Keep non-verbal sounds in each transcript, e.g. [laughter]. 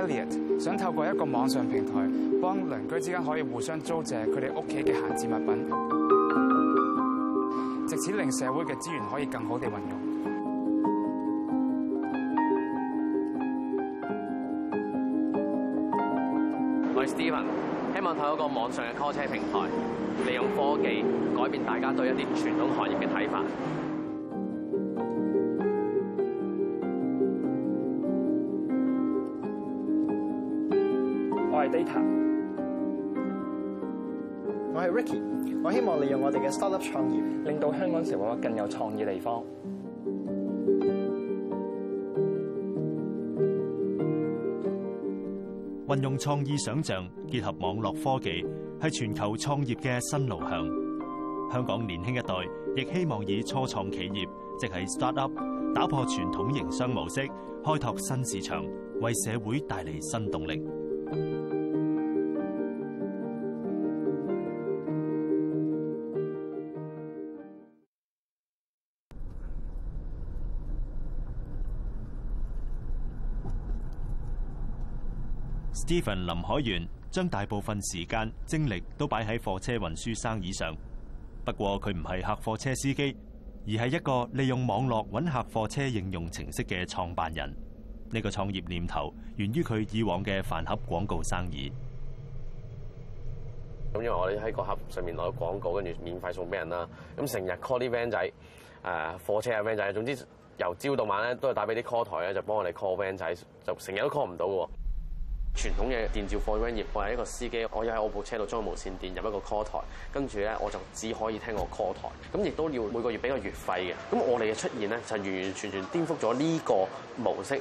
Elliot 想透過一個網上平台，幫鄰居之間可以互相租借佢哋屋企嘅閒置物品，藉此令社會嘅資源可以更好地運用。我係 Steven，希望透過一個網上嘅 call 車平台，利用科技改變大家對一啲傳統行業嘅睇法。我係 Ricky，我希望利用我哋嘅 startup 創業，令到香港成為更有創意地方。運用創意想像，結合網絡科技，係全球創業嘅新路向。香港年輕一代亦希望以初創企業，即係 startup，打破傳統營商模式，開拓新市場，為社會帶嚟新動力。Stephen 林海源將大部分時間精力都擺喺貨車運輸生意上，不過佢唔係客貨車司機，而係一個利用網絡揾客貨車應用程式嘅創辦人。呢個創業念頭源於佢以往嘅飯盒廣告生意。咁因為我哋喺個盒上面攞廣告，跟住免費送俾人啦。咁成日 call 啲 van 仔，誒貨車啊 van 仔，總之由朝到晚咧都係打俾啲 call 台咧，就幫我哋 call van 仔，就成日都 call 唔到嘅。傳統嘅電召貨運業，我係一個司機，我要喺我部車度裝無線電入一個 call 台，跟住咧我就只可以聽個 call 台，咁亦都要每個月俾個月費嘅。咁我哋嘅出現咧就完完全全顛覆咗呢個模式。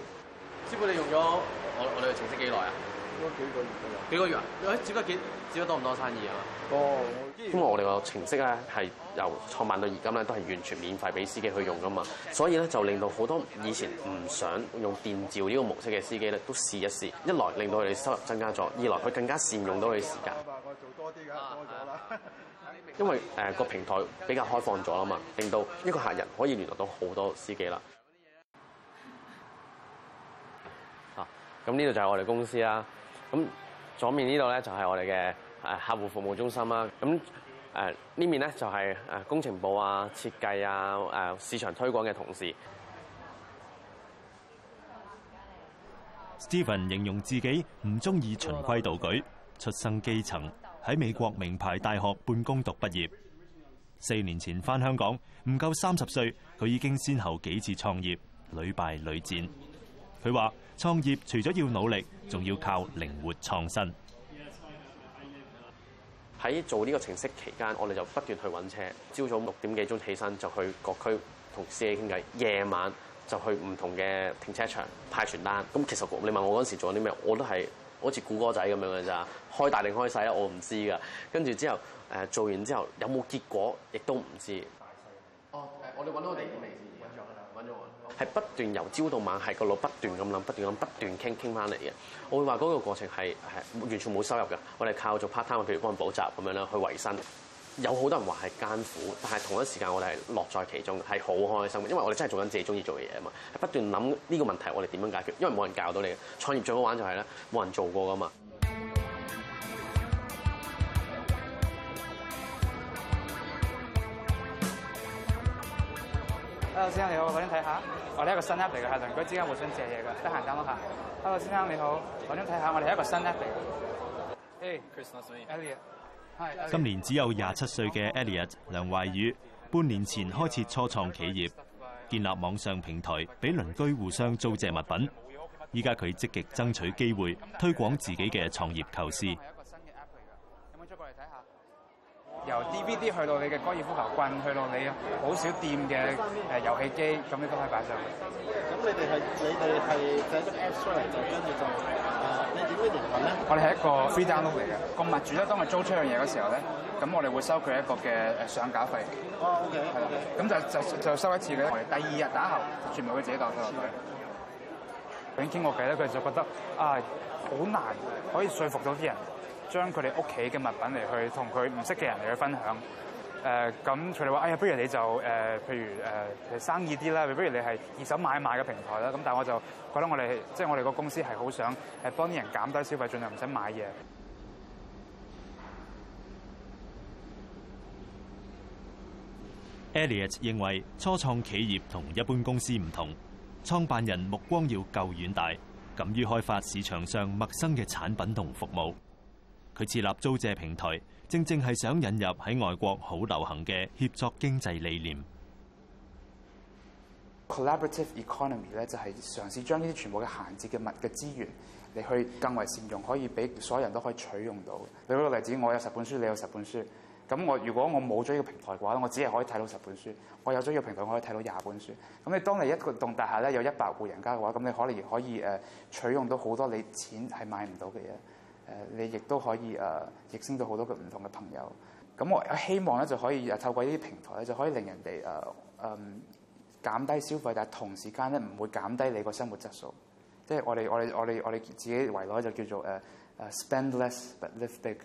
師傅，你用咗我我哋嘅程式幾耐啊？應該幾個月左右。幾個月啊？誒，師傅幾師傅多唔多，多生意啊？哦。因為我哋個程式咧係。就創辦到而今咧，都係完全免費俾司機去用噶嘛，所以咧就令到好多以前唔想用電召呢個模式嘅司機咧，都試一試。一來令到佢哋收入增加咗，二來佢更加善用到佢哋時間。我做多啲㗎，多咗啦。因為誒個平台比較開放咗啊嘛，令到一個客人可以聯絡到好多司機啦。啊，咁呢度就係我哋公司啦、啊。咁左面呢度咧就係我哋嘅誒客戶服務中心啦、啊。咁誒，呢面呢就係誒工程部啊、設計啊、誒市場推廣嘅同事。Steven 形容自己唔中意循規蹈矩，出生基層，喺美國名牌大學半工讀畢業。四年前翻香港，唔夠三十歲，佢已經先後幾次創業，屢敗屢戰。佢話創業除咗要努力，仲要靠靈活創新。喺做呢個程式期間，我哋就不斷去揾車。朝早六點幾鐘起身就去各區同司機傾偈，夜晚就去唔同嘅停車場派傳單。咁其實你問我嗰陣時做啲咩，我都係好似估歌仔咁樣嘅咋。開大定開細呀？我唔知㗎。跟住之後誒做完之後有冇結果，亦都唔知道。哦、啊啊，我哋揾到我哋。係不斷由朝到晚，係個腦不斷咁諗，不斷咁不斷傾傾翻嚟嘅。我會話嗰個過程係係完全冇收入㗎。我哋係靠做 part time，譬如幫人補習咁樣啦，去維生。有好多人話係艱苦，但係同一時間我哋係樂在其中，係好開心。因為我哋真係做緊自己中意做嘅嘢啊嘛，係不斷諗呢個問題，我哋點樣解決。因為冇人教到你，創業最好玩就係咧冇人做過㗎嘛。Hello, 先生你好，我想睇下。我、哦、哋一個新 App 嚟嘅，係鄰居之間互相借嘢嘅，得閒等我下。Hello, 先生你好，我想睇下，我哋係一個新 App 嚟。今年只有廿七歲嘅 Elliot 梁懷宇，半年前開始初創企業，建立網上平台，俾鄰居互相租借物品。依家佢積極爭取機會，推廣自己嘅創業構思。由 DVD 去到你嘅高爾夫球棍，去到你好少掂嘅誒遊戲機，咁你都可以擺上去。咁你哋係你哋係就、啊、一個 app store 嚟嘅，跟住就誒你點樣營運咧？我哋係一個 free download 嚟嘅。個物主咧，當佢租出樣嘢嘅時候咧，咁我哋會收佢一個嘅誒上架費。哦 OK，OK 咁就就就收一次嘅。Okay. 我哋第二日打後，全部佢自己代收。咁傾過偈咧，佢 [music] 就覺得啊，好、哎、難可以説服到啲人。將佢哋屋企嘅物品嚟去同佢唔識嘅人嚟去分享。誒、呃、咁，佢哋話，哎呀，不如你就誒、呃，譬如誒、呃、生意啲啦，不如你係二手買賣嘅平台啦。咁但係我就覺得我哋即係我哋個公司係好想係幫啲人減低消費，盡量唔使買嘢。Elliot 認為初創企業同一般公司唔同，創辦人目光要夠遠大，敢於開發市場上陌生嘅產品同服務。佢設立租借平台，正正係想引入喺外國好流行嘅協作經濟理念。Collaborative economy 咧就係嘗試將呢啲全部嘅閒置嘅物嘅資源，你去更為善用，可以俾所有人都可以取用到。舉個例子，我有十本書，你有十本書。咁我如果我冇咗呢個平台嘅話咧，我只係可以睇到十本書。我有咗呢個平台，我可以睇到廿本書。咁你當你一個棟大廈咧有一百戶人家嘅話，咁你可能可以誒取用到好多你錢係買唔到嘅嘢。誒，你亦都可以誒，亦升到好多嘅唔同嘅朋友。咁我希望咧，就可以誒透過呢啲平台咧，就可以令人哋誒誒減低消費，但係同時間咧唔會減低你個生活質素。即係我哋我哋我哋我哋自己為內就叫做誒誒 spend less but live big。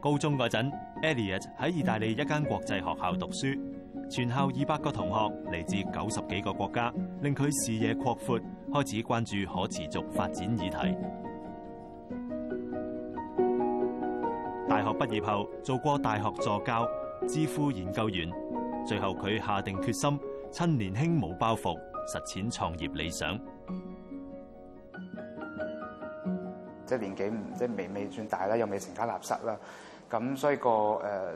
高中嗰陣，Elliot 喺意大利一間國際學校讀書，全校二百個同學嚟自九十幾個國家，令佢視野擴闊。開始關注可持續發展議題。大學畢業後，做過大學助教、智庫研究員，最後佢下定決心，趁年輕冇包袱，實踐創業理想。即係年紀，即係未未算大啦，又未成家立室啦，咁所以個誒、呃，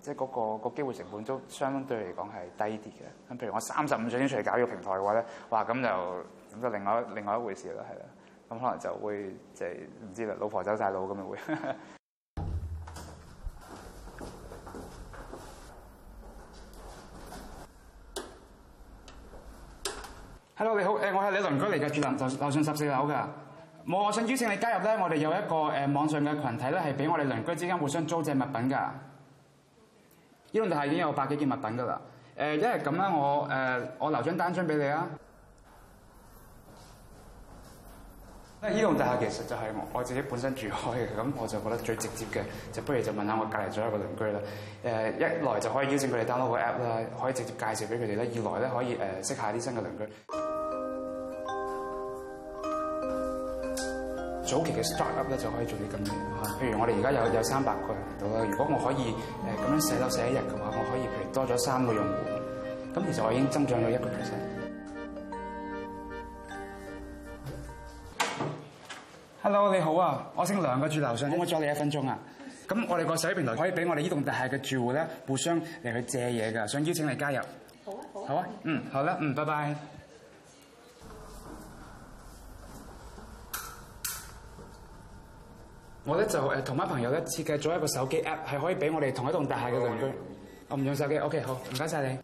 即係、嗰個、嗰個、嗰個機會成本都相對嚟講係低啲嘅。咁譬如我三十五歲先出嚟搞呢個平台嘅話咧，哇咁就～咁就另外另外一回事啦，係啦，咁可能就會就係、是、唔知啦，老婆走晒佬咁樣會。 [laughs] Hello，你好，誒我係你鄰居嚟嘅，住樓上十四樓㗎。我我想邀請你加入咧，我哋有一個誒網上嘅群體咧，係俾我哋鄰居之間互相租借物品㗎。依度係已經有百幾件物品㗎啦。誒，因為咁咧，我誒我留一張單張俾你啊。呢棟大廈其實就係我自己本身住開嘅，咁我就覺得最直接嘅，就不如就問下我隔離咗一個鄰居啦。誒，一來就可以邀請佢哋 download 個 app 啦，可以直接介紹俾佢哋啦；二來咧可以誒識下啲新嘅鄰居。嗯、早期嘅 startup 咧就可以做啲咁嘅，譬如我哋而家有有三百個人度啦。如果我可以誒咁樣洗樓洗一日嘅話，我可以譬如多咗三個用戶，咁其實我已經增長咗一個 percent。Hello，你好啊，我姓梁樓，個住樓上，我阻你一分鐘啊。咁我哋個社區平台可以俾我哋呢棟大廈嘅住戶咧互相嚟去借嘢噶，想邀請你加入，啊。好啊，好。啊，嗯，好啦，嗯，拜拜。我咧就誒同班朋友咧設計咗一個手機 App，係可以俾我哋同一棟大廈嘅鄰居。的我唔用手機，OK，好，唔該晒你。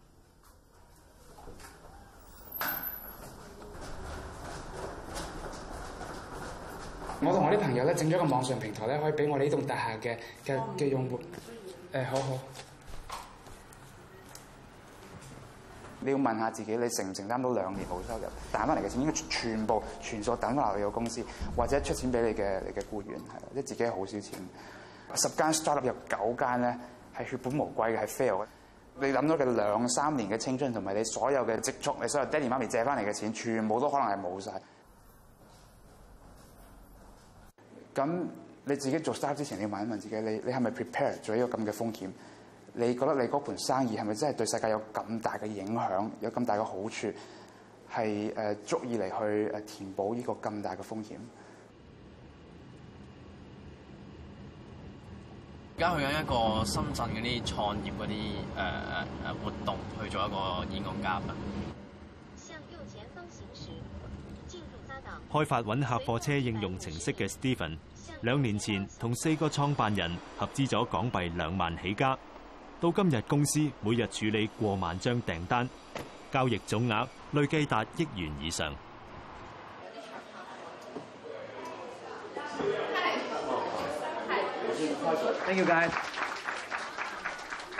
我同我啲朋友咧整咗個網上平台咧，可以俾我哋呢棟大廈嘅嘅嘅用戶。誒、嗯呃，好好。你要問下自己，你承唔承擔到兩年冇收入？打翻嚟嘅錢應該全部全數等翻落去個公司，或者出錢俾你嘅嘅僱員，係即係自己好少錢。十間 startup 入九間咧係血本無歸嘅，係 fail。你諗到嘅兩三年嘅青春同埋你所有嘅積蓄，你所有爹哋媽咪借翻嚟嘅錢，全部都可能係冇晒。咁你自己做 Start Up 之前，你要問一問自己：你你係咪 prepare 咗呢個咁嘅風險？你覺得你嗰盤生意係咪真係對世界有咁大嘅影響？有咁大嘅好處係誒足以嚟去誒填補呢個咁大嘅風險？而家去緊一個深圳嗰啲創業嗰啲誒誒誒活動，去做一個演講嘉賓。向右。開發揾客貨車應用程式嘅 Steven 兩年前同四個創辦人合資咗港幣兩萬起家，到今日公司每日處理過萬張訂單，交易總額累計達億元以上。Thank you, guys.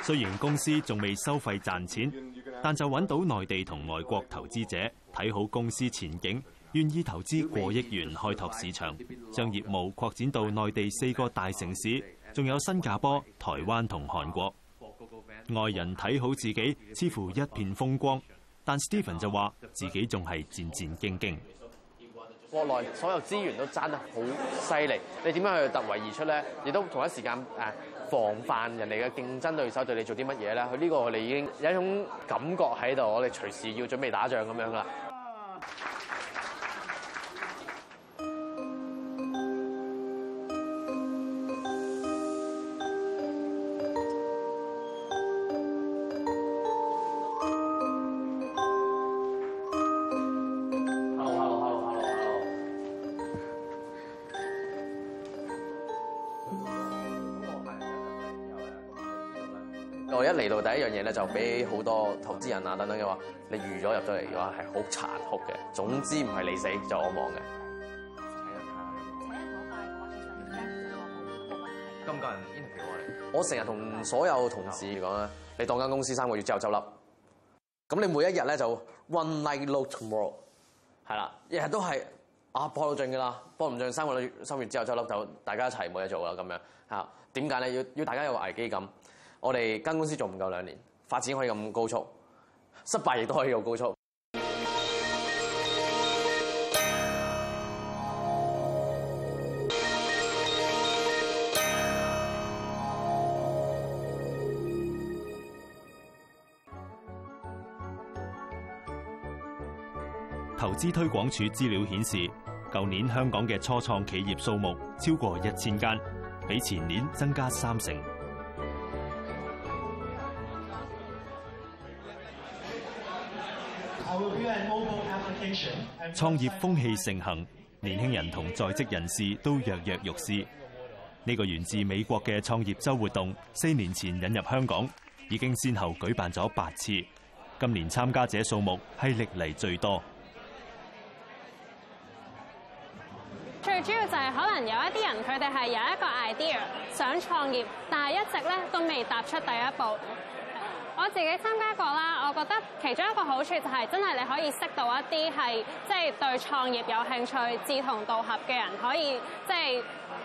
雖然公司仲未收費賺錢，但就揾到內地同外國投資者睇好公司前景。願意投資過億元開拓市場，將業務擴展到內地四個大城市，仲有新加坡、台灣同韓國。外人睇好自己，似乎一片風光，但 Stephen 就話自己仲係戰戰兢兢。國內所有資源都爭得好犀利，你點樣去突圍而出咧？亦都同一時間誒，防範人哋嘅競爭對手對你做啲乜嘢咧？佢呢個我哋已經有一種感覺喺度，我哋隨時要準備打仗咁樣㗎啦。我一嚟到第一樣嘢咧，就俾好多投資人啊等等嘅話，你預咗入咗嚟嘅話係好殘酷嘅。總之唔係你死就是我亡嘅。咁人人攞債嘅話，嚟。我成日同所有同事講咧，你當間公司三個月之後執笠，咁你每一日咧就 run like no tomorrow，係啦，日日都係啊搏到盡㗎啦，搏唔盡三個月，三個月之後執笠就大家一齊冇嘢做啦咁樣嚇。點解咧？要要大家有個危機感。我哋間公司做唔夠兩年，發展可以咁高速，失敗亦都可以咁高速。投資推廣署資料顯示，舊年香港嘅初創企業數目超過一千間，比前年增加三成。創業風氣盛行，年輕人同在職人士都躍躍欲試。呢個源自美國嘅創業周活動，四年前引入香港，已經先後舉辦咗八次。今年參加者數目係歷嚟最多。最主要就係可能有一啲人佢哋係有一個 idea 想創業，但係一直咧都未踏出第一步。我自己參加過啦，我覺得其中一個好處就係真係你可以識到一啲係即係對創業有興趣、志同道合嘅人，可以即係、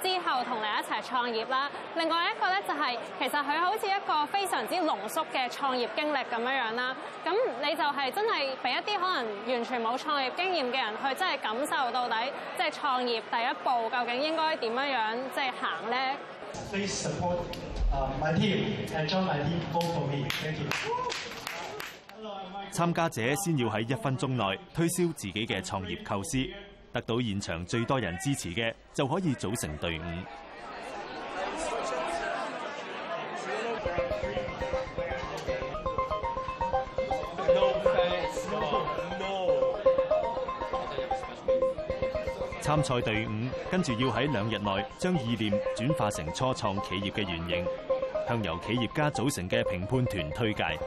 就是、之後同你一齊創業啦。另外一個咧就係、是、其實佢好似一個非常之濃縮嘅創業經歷咁樣樣啦。咁你就係真係俾一啲可能完全冇創業經驗嘅人去真係感受到底即係、就是、創業第一步究竟應該點樣樣即係行咧。啊，參加者先要喺一分鐘內推銷自己嘅創業構思，得到現場最多人支持嘅就可以組成隊伍。參賽隊伍跟住要喺兩日內將意念轉化成初創企業嘅原型，向由企業家組成嘅評判團推介。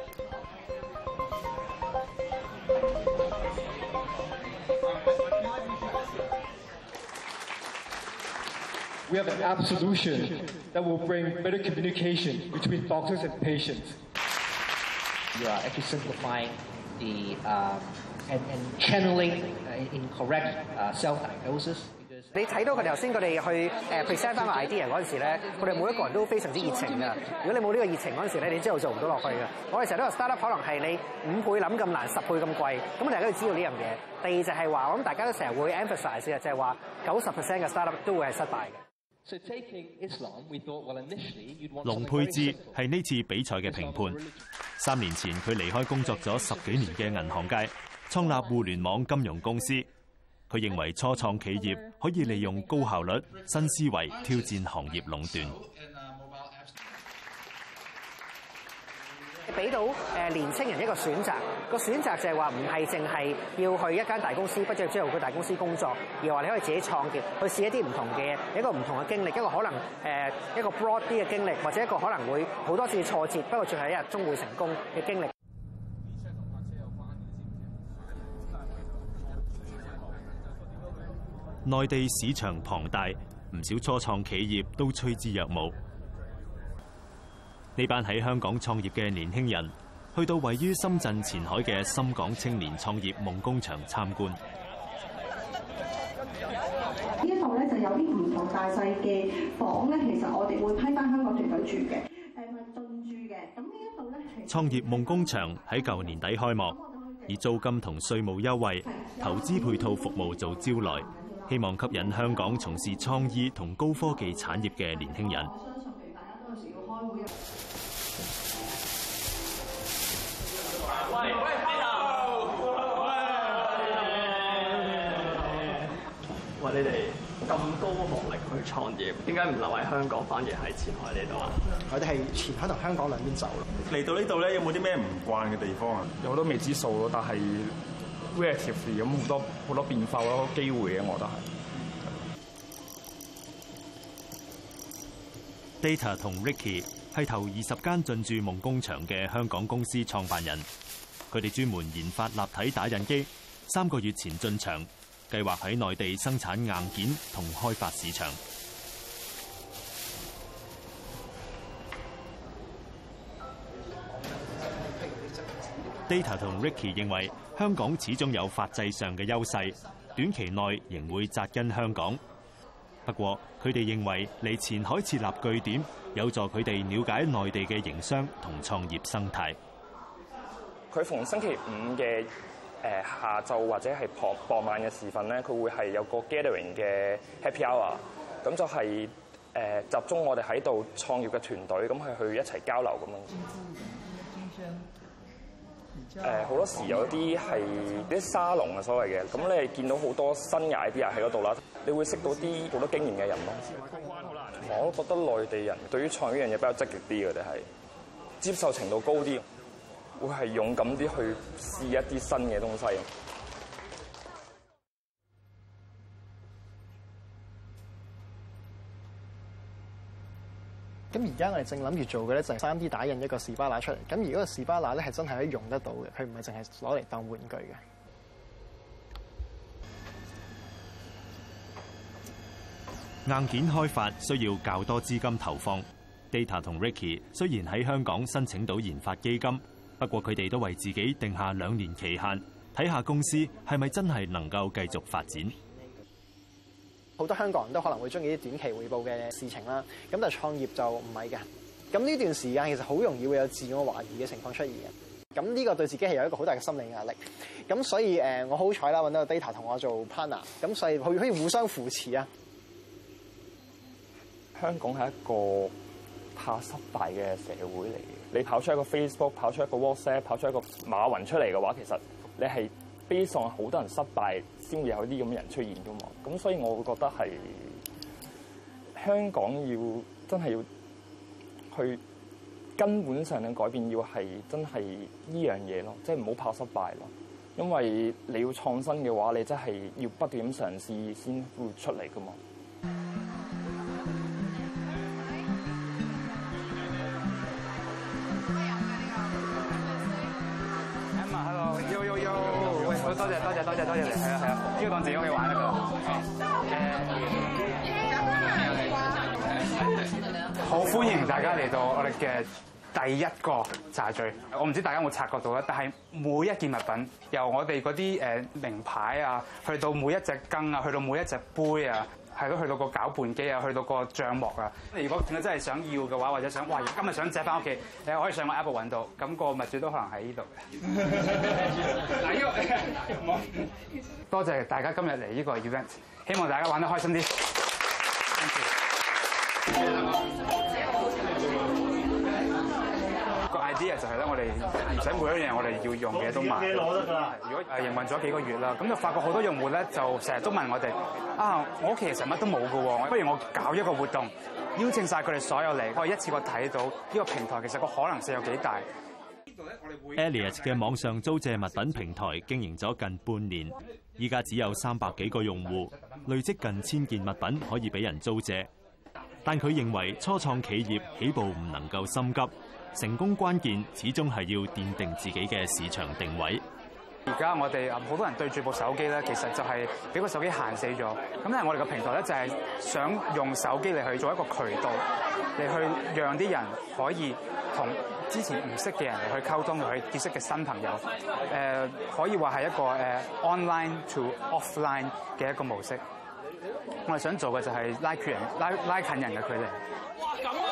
你睇到佢頭先佢哋去誒 present 翻個 idea 嗰陣時咧，佢哋每一個人都非常之熱情噶。如果你冇呢個熱情嗰陣時咧，你知道做唔到落去噶。我哋成日都話 startup 可能係你五倍諗咁難，十倍咁貴，咁大家都要知道呢樣嘢。第二就係話，我諗大家都成日會 emphasize 嘅就係話，九十 percent 嘅 startup 都會係失敗嘅。龍佩智係呢次比賽嘅評判。三年前佢離開工作咗十幾年嘅銀行界。創立互聯網金融公司，佢認為初創企業可以利用高效率、新思維挑戰行業壟斷，俾到誒年輕人一個選擇，個選擇就係話唔係淨係要去一間大公司，不只只係要去大公司工作，而話你可以自己創業去試一啲唔同嘅一個唔同嘅經歷，一個可能誒一個 broad 啲嘅經歷，或者一個可能會好多次挫折，不過最後一日終會成功嘅經歷。內地市場龐大，唔少初創企業都趨之若鶩。呢班喺香港創業嘅年輕人，去到位於深圳前海嘅深港青年創業夢工場參觀。呢一度咧就有啲唔同大細嘅房咧，其實我哋會批翻香港團隊住嘅，誒咪進住嘅。咁呢一度咧，創業夢工場喺舊年底開幕，以租金同稅務優惠、投資配套服務做招來。希望吸引香港從事創意同高科技產業嘅年輕人。我相信大家都有時要開會。喂喂，快啲！喂！喂！喂！喂！你哋咁高學歷去創業，點解唔留喺香港，反而喺前海呢度啊？佢哋係前海同香港兩邊走咯。嚟到呢度咧，有冇啲咩唔慣嘅地方啊？有好多未知數咯，但係。v e r s 咁好多好多變化咯，機會嘅，我覺得係。Data 同 Ricky 係頭二十間進駐夢工場嘅香港公司創辦人，佢哋專門研發立體打印機。三個月前進場，計劃喺內地生產硬件同開發市場。Data 同 Ricky 認為香港始終有法制上嘅優勢，短期內仍會扎根香港。不過，佢哋認為嚟前海設立據點，有助佢哋了解內地嘅營商同創業生態。佢逢星期五嘅誒下晝或者係傍傍晚嘅時分咧，佢會係有個 gathering 嘅 happy hour，咁就係誒集中我哋喺度創業嘅團隊，咁係去一齊交流咁樣。誒好、呃、多時有啲係啲沙龍嘅所謂嘅，咁你係見到好多新嘅 idea 喺嗰度啦，你會識到啲好多經驗嘅人咯。嗯、我都覺得內地人對於創業呢樣嘢比較積極啲嘅，定係接受程度高啲，會係勇敢啲去試一啲新嘅東西。咁而家我哋正諗住做嘅咧，就係 3D 打印一個士巴拿出嚟。咁而嗰個士巴拿咧係真係可以用得到嘅，佢唔係淨係攞嚟當玩具嘅。硬件開發需要較多資金投放。Data 同 Ricky 雖然喺香港申請到研發基金，不過佢哋都為自己定下兩年期限，睇下公司係咪真係能夠繼續發展。好多香港人都可能會中意啲短期回報嘅事情啦，咁但創業就唔係嘅。咁呢段時間其實好容易會有自我懷疑嘅情況出現嘅。咁呢個對自己係有一個好大嘅心理壓力。咁所以我好彩啦，搵到個 data 同我做 partner，咁所以可以互相扶持啊。香港係一個怕失敗嘅社會嚟嘅。你跑出一個 Facebook，跑出一個 WhatsApp，跑出一個馬雲出嚟嘅話，其實你係 based on 好多人失敗。先會有啲咁嘅人出現噶嘛，咁所以我會覺得係香港要真係要去根本上嘅改變，要係真係呢樣嘢咯，即係唔好怕失敗咯，因為你要創新嘅話，你真係要不斷咁嘗試先會出嚟噶嘛。多謝多謝你，係啊係啊，呢個我自己去玩一個。好，好，好歡迎大家嚟到我哋嘅第一個茶敘。我唔知大家有冇察覺到咧，但係每一件物品，由我哋嗰啲誒名牌啊，去到每一隻羹啊，去到每一隻杯啊。係咯，去到個攪拌機啊，去到個帳幕啊。如果你真係想要嘅話，或者想，哇，今日想借翻屋企，誒，可以上個 App 揾到，咁個物主都可能喺呢度嘅。 [laughs] 多謝大家今日嚟呢個 event，希望大家玩得開心啲。 [laughs] 我哋唔使每一樣我哋要用嘅都買，自己攞得㗎。如果誒，營運咗幾個月啦，咁就發覺好多用戶咧，就成日都問我哋：啊，我其實乜都冇嘅喎，不如我搞一個活動，邀請晒佢哋所有嚟，可以一次過睇到呢個平台其實個可能性有幾大。Elliot 嘅網上租借物品平台經營咗近半年，依家只有三百幾個用戶，累積近千件物品可以俾人租借。但佢認為初創企業起步唔能夠心急。成功關鍵始終係要奠定自己嘅市場定位。而家我哋啊好多人對住部手機咧，其實就係俾個手機限死咗。咁咧，我哋個平台咧就係想用手機嚟,去做一個渠道，嚟去讓啲人可以同之前唔識嘅人去溝通，去結識嘅新朋友。誒可以話係一個誒 online to offline 嘅一個模式。我哋想做嘅就係拉近人拉拉近人嘅距離哇咁。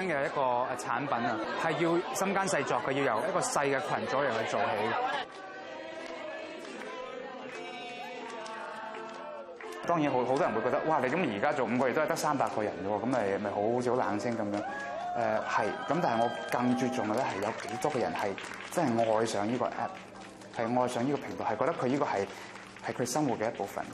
新嘅一個產品啊，係要心間細作嘅，要由一個細嘅群組入去做起。當然好好多人會覺得，哇！你咁而家做五個月都係得三百個人啫喎，咁咪咪好似好冷清咁樣。誒、呃、係，咁但係我更注重嘅咧係有幾多個人係真係愛上呢個 app，係愛上呢個頻道，係覺得佢呢個係係佢生活嘅一部分。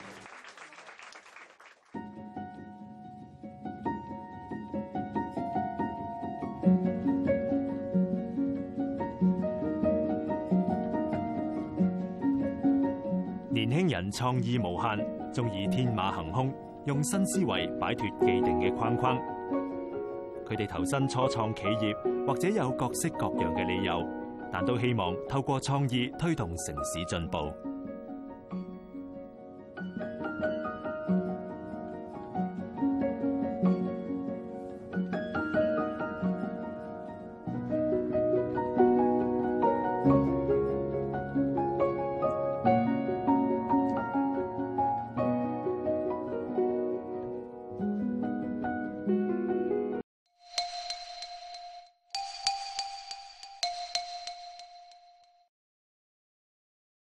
創意無限，鍾意天馬行空，用新思維擺脫既定嘅框框。佢哋投身初創企業，或者有各式各樣嘅理由，但都希望透過創意推動城市進步。